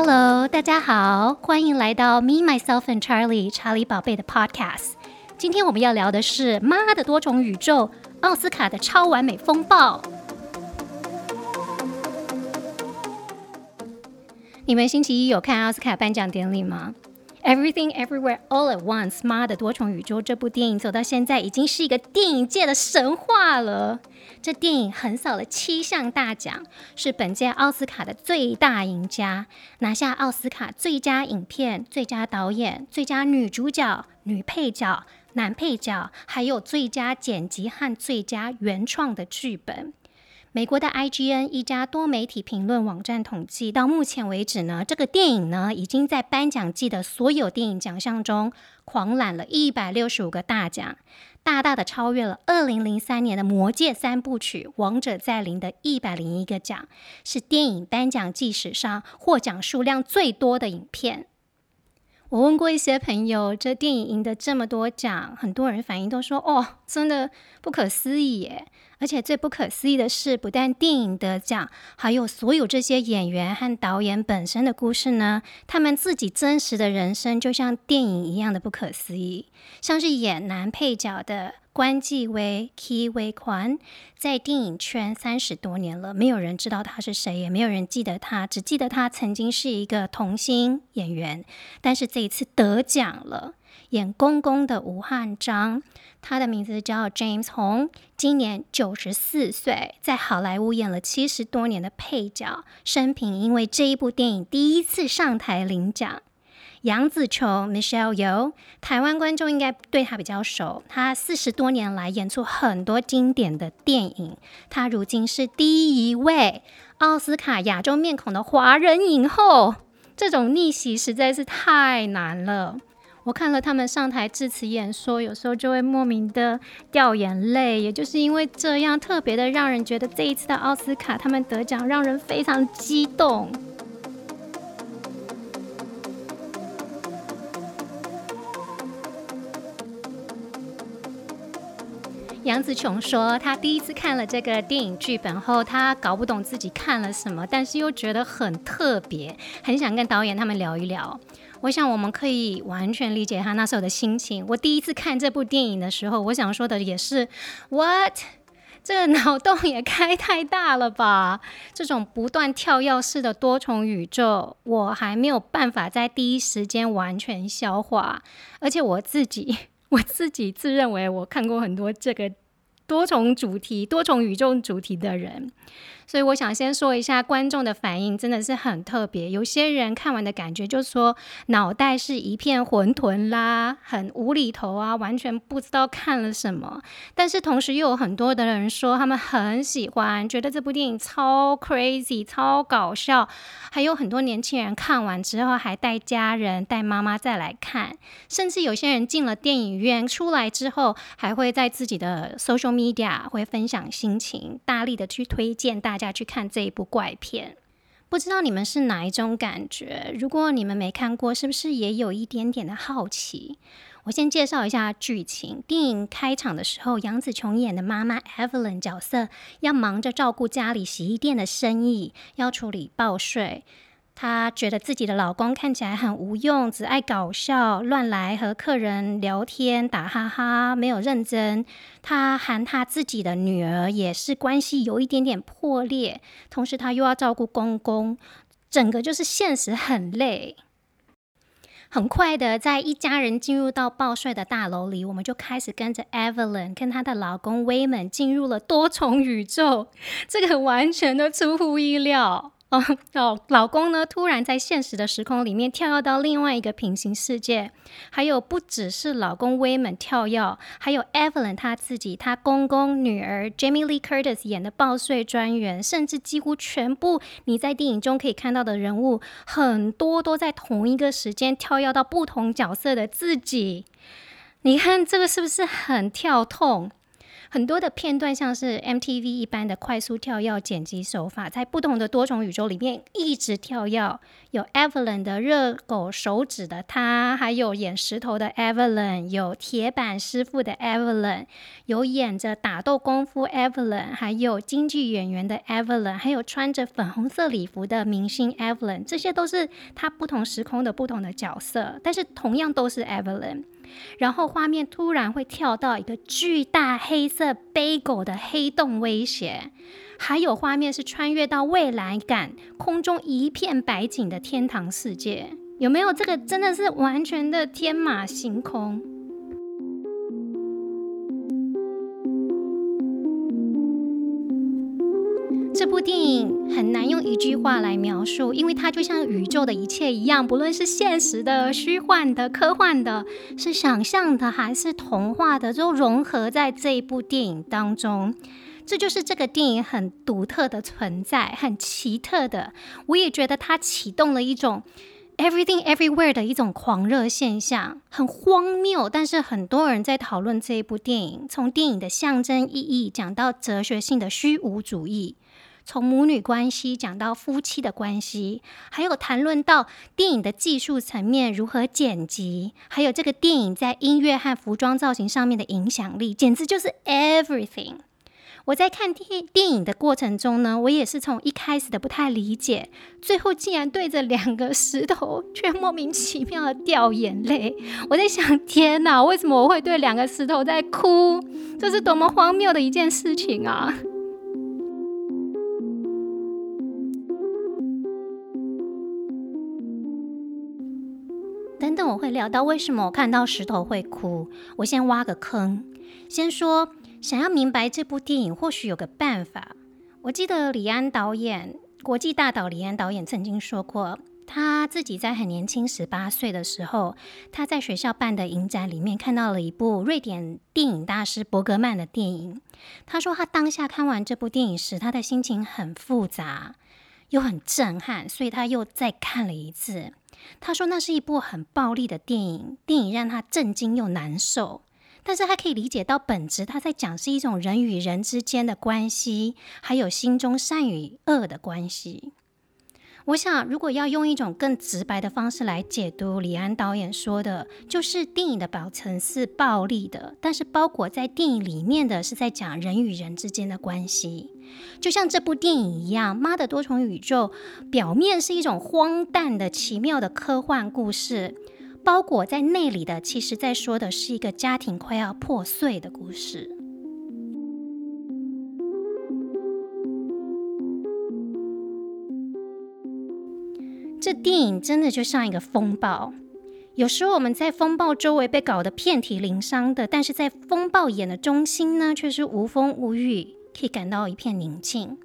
Hello，大家好，歡迎來到《Me Myself and Charlie》查理寶貝的 Podcast。今天我們要聊的是媽的多重宇宙，奧斯卡的超完美風暴。你們星期一有看奧斯卡頒獎典禮嗎？Everything, everywhere, all at once，媽的多重宇宙這部電影走到現在已經是一個電影界的神話了。這電影橫掃了七項大獎，是本屆奧斯卡的最大贏家，拿下奧斯卡最佳影片、最佳導演、最佳女主角、女配角、男配角，還有最佳剪輯和最佳原創的劇本。.美國的 IGN 一家多媒體評論網站統計，到目前為止呢，這個電影呢已經在頒獎季的所有電影獎項中狂攬了一百六十五個大獎，大大的超越了二零零三年的《魔戒三部曲：王者再臨》的一百零一個獎，是電影頒獎季史上獲獎數量最多的影片。我問過一些朋友，這電影贏得這麼多獎，很多人反應都說：“哦，真的不可思議耶！”而且最不可思議的是，不但電影得獎，還有所有這些演員和導演本身的故事呢，他們自己真實的人生就像電影一樣的不可思議，像是演男配角的。關繼威 Ke Huy Quan，在電影圈三十多年了，沒有人知道他是誰，也沒有人記得他，只記得他曾經是一個童星演員。但是這一次得獎了，演公公的吳漢章，他的名字叫 James Hong，今年九十四歲，在好萊塢演了七十多年的配角，生平因為這一部電影第一次上台領獎。楊紫瓊 （Michelle y o 台灣觀眾應該對她比較熟。她四十多年來演出很多經典的電影，她如今是第一位奧斯卡亞洲面孔的華人影後。這種逆襲實在是太難了。我看了他們上台致辭演說，有時候就會莫名的掉眼淚，也就是因為這樣，特別的讓人覺得這一次的奧斯卡他們得獎，讓人非常激動。楊紫瓊說：“她第一次看了這個電影劇本後，她搞不懂自己看了什麼，但是又覺得很特別，很想跟導演他們聊一聊。我想我們可以完全理解她那時候的心情。我第一次看這部電影的時候，我想說的也是 ‘What？’ 這個腦洞也開太大了吧？這種不斷跳躍式的多重宇宙，我還沒有辦法在第一時間完全消化，而且我自己。”我自己自認為，我看過很多這個多重主題、多重宇宙主題的人。所以我想先說一下觀眾的反應，真的是很特別。有些人看完的感覺就是說腦袋是一片混沌啦，很無厘頭啊，完全不知道看了什麼。但是同時又有很多的人說他們很喜歡，覺得這部電影超 crazy，超搞笑。還有很多年輕人看完之後還帶家人，帶媽媽再來看，甚至有些人進了電影院出來之後，還會在自己的 social media 會分享心情，大力的去推薦大家。家去看這一部怪片，不知道你們是哪一種感覺？如果你們沒看過，是不是也有一點點的好奇？我先介紹一下劇情。電影開場的時候，楊紫瓊演的媽媽 Evelyn 角色要忙着照顧家裡洗衣店的生意，要處理報稅。她覺得自己的老公看起來很無用，只愛搞笑、亂來，和客人聊天、打哈哈，沒有認真。她和她自己的女兒也是關係有一點點破裂。同時，她又要照顧公公，整個就是現實很累。很快的，在一家人進入到報稅的大樓裡，我們就開始跟着 Evelyn 跟她的老公 Wayman 進入了多重宇宙。這個完全都出乎意料。哦哦，老公呢？突然在現實的時空裡面跳躍到另外一個平行世界。還有不只是老公威門跳躍，還有 Evelyn 她自己、她公公、女兒 Jamie Lee Curtis 演的報稅專員，甚至幾乎全部你在電影中可以看到的人物，很多都在同一個時間跳躍到不同角色的自己。你看這個是不是很跳痛？很多的片段，像是 MTV 一般的快速跳躍剪輯手法，在不同的多重宇宙裡面一直跳躍。有 Evelyn 的熱狗手指的他，還有演石頭的 Evelyn，有鐵板師傅的 Evelyn，有演着打鬥功夫 Evelyn，還有京劇演員的 Evelyn，還有穿着粉紅色禮服的明星 Evelyn，這些都是他不同時空的不同的角色，但是同樣都是 Evelyn。然後畫面突然會跳到一個巨大黑色 Bagel 的黑洞威脅，還有畫面是穿越到未來感，空中一片白景的天堂世界，有沒有？這個真的是完全的天馬行空。這部電影很難用一句話來描述，因為它就像宇宙的一切一樣，不論是現實的、虛幻的、科幻的，是想象的還是童話的，都融合在這一部電影當中。這就是這個電影很獨特的存在，很奇特的。我也覺得它啟動了一種 Everything Everywhere 的一種狂熱現象，很荒謬。但是很多人在討論這一部電影，從電影的象徵意義講到哲學性的虛無主義。從母女關係講到夫妻的關係，還有談論到電影的技術層面如何剪輯，還有這個電影在音樂和服裝造型上面的影響力，簡直就是 everything。我在看電影的過程中呢，我也是從一開始的不太理解，最後竟然對着兩個石頭，卻莫名其妙的掉眼淚。我在想，天哪，為什麼我會對兩個石頭在哭？這是多麼荒謬的一件事情啊！我會聊到為什麼我看到石頭會哭。我先挖個坑，先說想要明白這部電影，或許有個辦法。我記得李安導演，國際大導李安導演曾經說過，他自己在很年輕，十八歲的時候，他在學校辦的影展裡面看到了一部瑞典電影大師伯格曼的電影。他說他當下看完這部電影時，他的心情很複雜。又很震撼，所以他又再看了一次。他說那是一部很暴力的電影，電影讓他震驚又難受。但是他可以理解到本質，他在講是一種人與人之間的關係，還有心中善與惡的關係。我想，如果要用一種更直白的方式來解讀李安導演說的，就是電影的表層是暴力的，但是包裹在電影裡面的是在講人與人之間的關係。就像這部電影一樣，《媽的多重宇宙》，表面是一種荒誕的奇妙的科幻故事，包裹在那裡的，其實在說的是一個家庭快要破碎的故事。這電影真的就像一個風暴，有時候我們在風暴周圍被搞得遍體鱗傷的，但是在風暴眼的中心呢，卻是無風無雨，可以感到一片寧靜，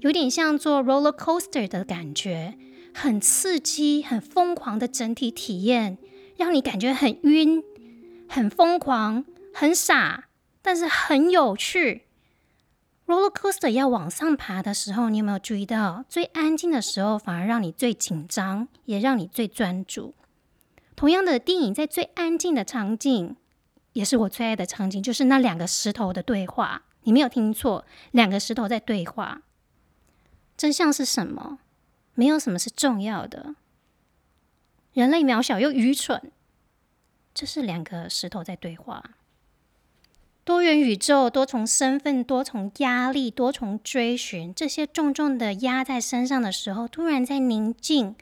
有點像坐 roller coaster 的感覺，很刺激、很瘋狂的整體體驗，讓你感覺很暈、很瘋狂、很傻，但是很有趣。Roller coaster 要往上爬的時候，你有沒有注意到，最安靜的時候反而讓你最緊張，也讓你最專注？同樣的電影，在最安靜的場景，也是我最愛的場景，就是那兩個石頭的對話。你沒有聽錯，兩個石頭在對話。真相是什麼？沒有什麼是重要的。人類渺小又愚蠢。這就是兩個石頭在對話。多元宇宙、多重身份、多重壓力、多重追尋，這些重重的壓在身上的時候，突然在寧靜、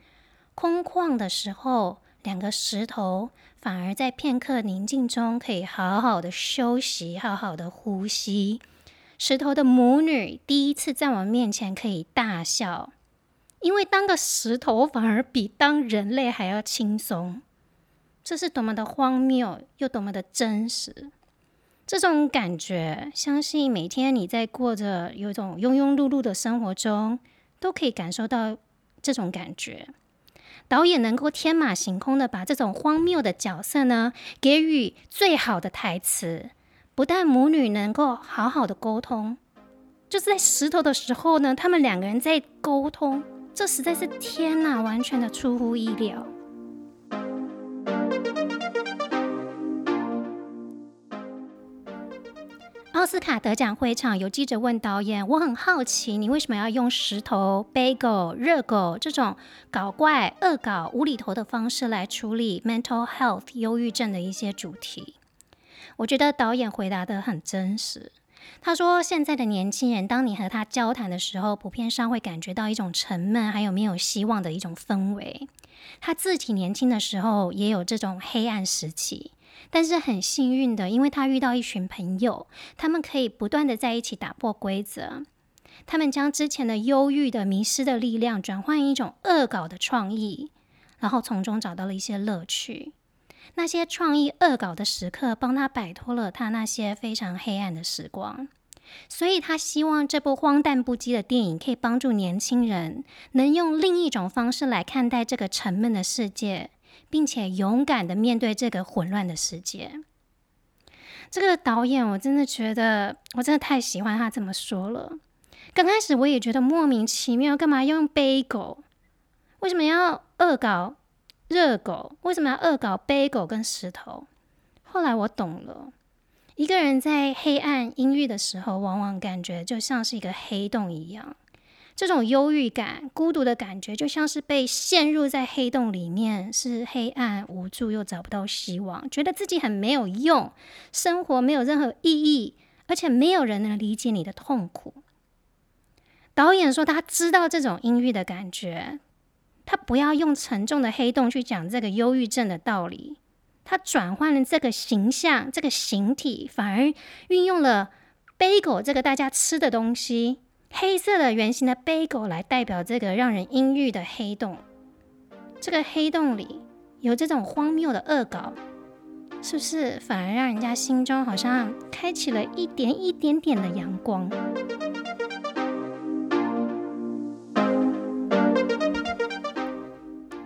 空曠的時候，兩個石頭反而在片刻寧靜中可以好好的休息、好好的呼吸。石頭的母女第一次在我面前可以大笑，因為當個石頭反而比當人類還要輕鬆。這是多麼的荒謬，又多麼的真實。這種感覺，相信每天你在過着有種庸庸碌碌的生活中，都可以感受到這種感覺。導演能夠天馬行空的把這種荒謬的角色呢，給予最好的台詞，不但母女能夠好好的溝通，就是在石頭的時候呢，他們兩個人在溝通，這實在是天吶，完全的出乎意料。奧斯卡得獎會場有記者問導演：“我很好奇，你為什麼要用石頭、Bagel、熱狗這種搞怪、惡搞、無厘頭的方式來處理 mental health 憂鬱症的一些主題？”我覺得導演回答得很真實。他說：“現在的年輕人，當你和他交談的時候，普遍上會感覺到一種沉悶，還有沒有希望的一種氛圍。他自己年輕的時候也有這種黑暗時期。”但是很幸運的，因為他遇到一群朋友，他們可以不斷的在一起打破規則，他們將之前的憂鬱的、迷失的力量轉換一種惡搞的創意，然後從中找到了一些樂趣。那些創意惡搞的時刻，幫他擺脫了他那些非常黑暗的時光。所以他希望這部荒誕不羈的電影可以幫助年輕人能用另一種方式來看待這個沉悶的世界。並且勇敢的面對這個混亂的世界。這個導演，我真的覺得，我真的太喜歡他這麼說了。剛開始我也覺得莫名其妙，幹嘛要用貝果？為什麼要惡搞熱狗？為什麼要惡搞貝果跟石頭？後來我懂了，一個人在黑暗陰鬱的時候，往往感覺就像是一個黑洞一樣。這種憂鬱感、孤獨的感覺，就像是被陷入在黑洞裡面，是黑暗、無助又找不到希望，覺得自己很沒有用，生活沒有任何意義，而且沒有人能理解你的痛苦。導演說他知道這種陰鬱的感覺，他不要用沉重的黑洞去講這個憂鬱症的道理，他轉換了這個形象、這個形體，反而運用了貝果這個大家吃的東西。黑色的圓形的貝果來代表這個讓人陰鬱的黑洞，這個黑洞裡有這種荒謬的惡搞，是不是反而讓人家心中好像開啟了一點一點點的陽光？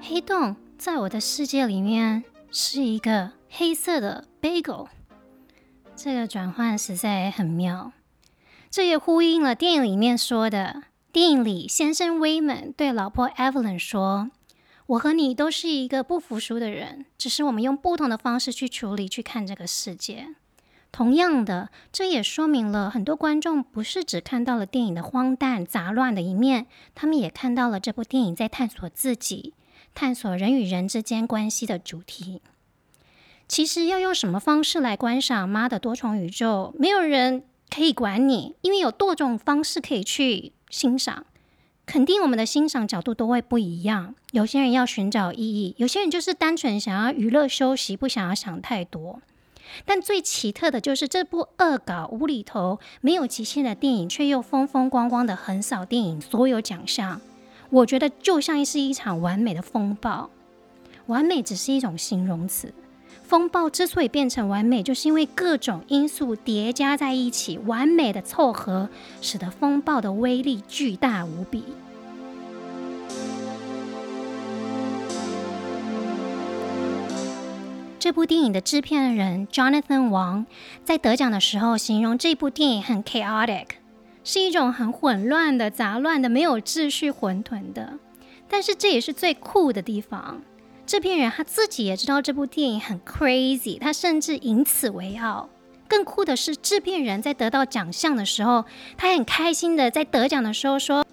黑洞在我的世界裡面是一個黑色的貝果，這個轉換實在很妙。這也呼應了電影裡面說的，電影裡先生 Wayman 對老婆 Evelyn 說：“我和你都是一個不服輸的人，只是我們用不同的方式去處理、去看這個世界。”同樣的，這也說明了很多觀眾不是只看到了電影的荒誕雜亂的一面，他們也看到了這部電影在探索自己、探索人與人之間關係的主題。其實要用什麼方式來觀賞《媽的多重宇宙》，沒有人，可以管你，因為有多種方式可以去欣賞，肯定我們的欣賞角度都會不一樣。有些人要尋找意義，有些人就是單純想要娛樂休息，不想要想太多。但最奇特的就是這部惡搞、無厘頭、沒有極限的電影，卻又風風光光的橫掃電影所有獎項。我覺得就像是一場完美的風暴，完美只是一種形容詞。風暴之所以變成完美，就是因為各種因素疊加在一起，完美的湊合，使得風暴的威力巨大無比。這部電影的制片人 Jonathan Wang 在得獎的時候形容這部電影很 chaotic，是一種很混亂的、雜亂的、沒有秩序、混沌的。但是這也是最酷的地方。製片人他自己也知道這部電影很 crazy，他甚至以此為傲。更酷的是，製片人在得到獎項的時候，他很開心的在得獎的時候說：“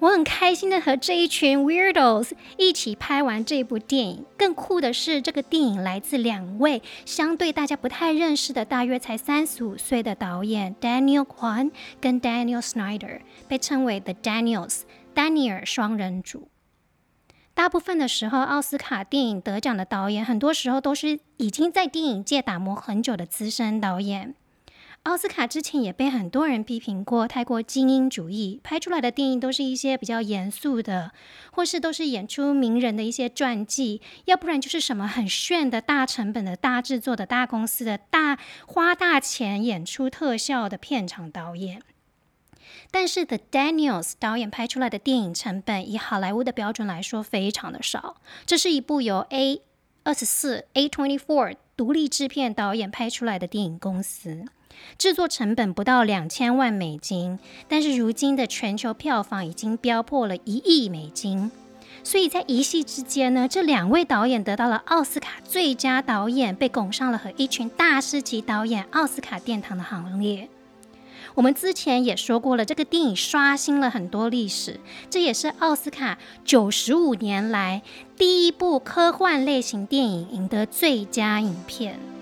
我很開心的和這一群 weirdos 一起拍完這部電影。”更酷的是，這個電影來自兩位相對大家不太認識的，大約才三十五歲的導演 Daniel Kwan 跟 Daniel Snyder，被稱為 The Daniels，丹尼爾雙人組。大部分的時候，奧斯卡電影得獎的導演，很多時候都是已經在電影界打磨很久的資深導演。奧斯卡之前也被很多人批評過，太過精英主義，拍出來的電影都是一些比較嚴肅的，或是都是演出名人的一些傳記，要不然就是什麼很炫的大成本的大制作的大公司的大花大錢演出特效的片場導演。但是 The Daniels 導演拍出來的電影成本，以好萊塢的標準來說，非常的少。這是一部由 A 二十四 A Twenty Four 獨立制片導演拍出來的電影公司，制作成本不到兩千萬美金。但是如今的全球票房已經飆破了一億美金。所以在一夕之間呢，這兩位導演得到了奧斯卡最佳導演，被拱上了和一群大師級導演奧斯卡殿堂的行列。我們之前也說過了，這個電影刷新了很多歷史，這也是奧斯卡九十五年來第一部科幻類型電影贏得最佳影片。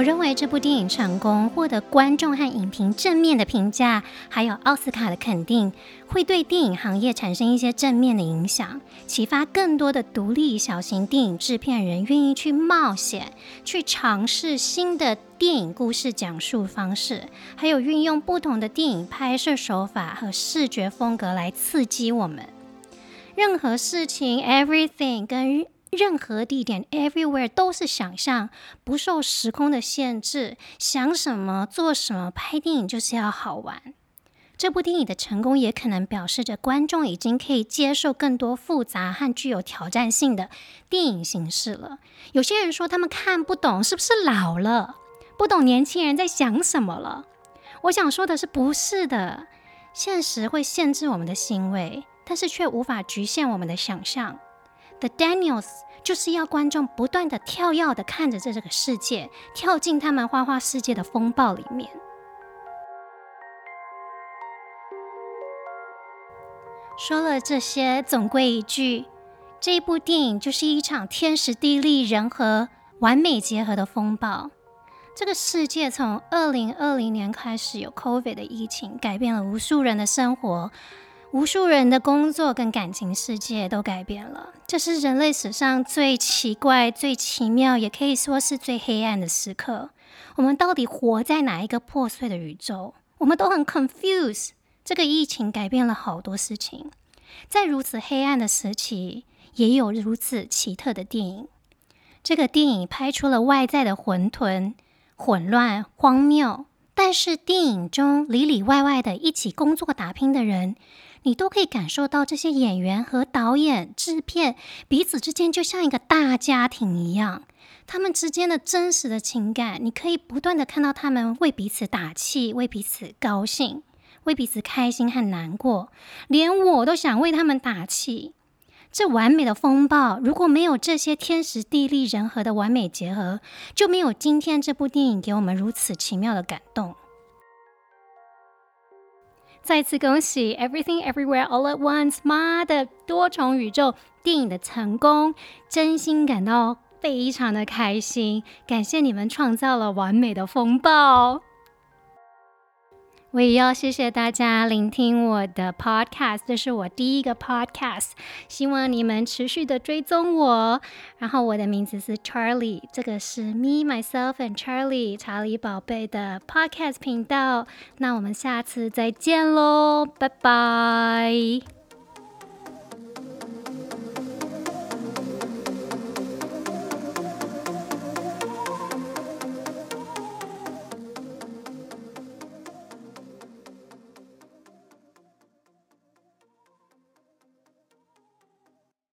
我認為這部電影成功獲得觀眾和影評正面的評價，還有奧斯卡的肯定，會對電影行業產生一些正面的影響，啟發更多的獨立小型電影製片人願意去冒險，去嘗試新的電影故事講述方式，還有運用不同的電影拍攝手法和視覺風格來刺激我們。任何事情，everything 跟。任何地點，everywhere 都是想象，不受時空的限制。想什麼做什麼，拍電影就是要好玩。這部電影的成功也可能表示着觀眾已經可以接受更多複雜和具有挑戰性的電影形式了。有些人說他們看不懂，是不是老了，不懂年輕人在想什麼了？我想說的是，不是的。現實會限制我們的行為，但是卻無法局限我們的想象。The Daniels 就是要觀眾不斷地跳躍地看着這這個世界，跳進他們花花世界的風暴裡面。說了這些，總歸一句，這一部電影就是一場天時地利人和完美結合的風暴。這個世界從二零二零年開始有 COVID 的疫情，改變了無數人的生活。無數人的工作跟感情世界都改變了，這是人類史上最奇怪、最奇妙，也可以說是最黑暗的時刻。我們到底活在哪一個破碎的宇宙？我們都很 confused。這個疫情改變了好多事情，在如此黑暗的時期，也有如此奇特的電影。這個電影拍出了外在的混沌、混亂、荒謬，但是電影中裡裡外外的一起工作、打拼的人。你都可以感受到這些演員和導演、製片彼此之間就像一個大家庭一樣，他們之間的真實的情感，你可以不斷的看到他們為彼此打氣，為彼此高興，為彼此開心和難過，連我都想為他們打氣。這完美的風暴，如果沒有這些天時地利人和的完美結合，就沒有今天這部電影給我們如此奇妙的感動。再次恭喜《Everything Everywhere All at Once》媽的多重宇宙電影的成功，真心感到非常的開心，感謝你們創造了完美的風暴。我也要謝謝大家聆聽我的 podcast，這是我第一個 podcast，希望你們持續的追蹤我。然後我的名字是 Charlie，這個是 Me Myself and Charlie 查理寶貝的 podcast 頻道。那我們下次再見嘍，拜拜。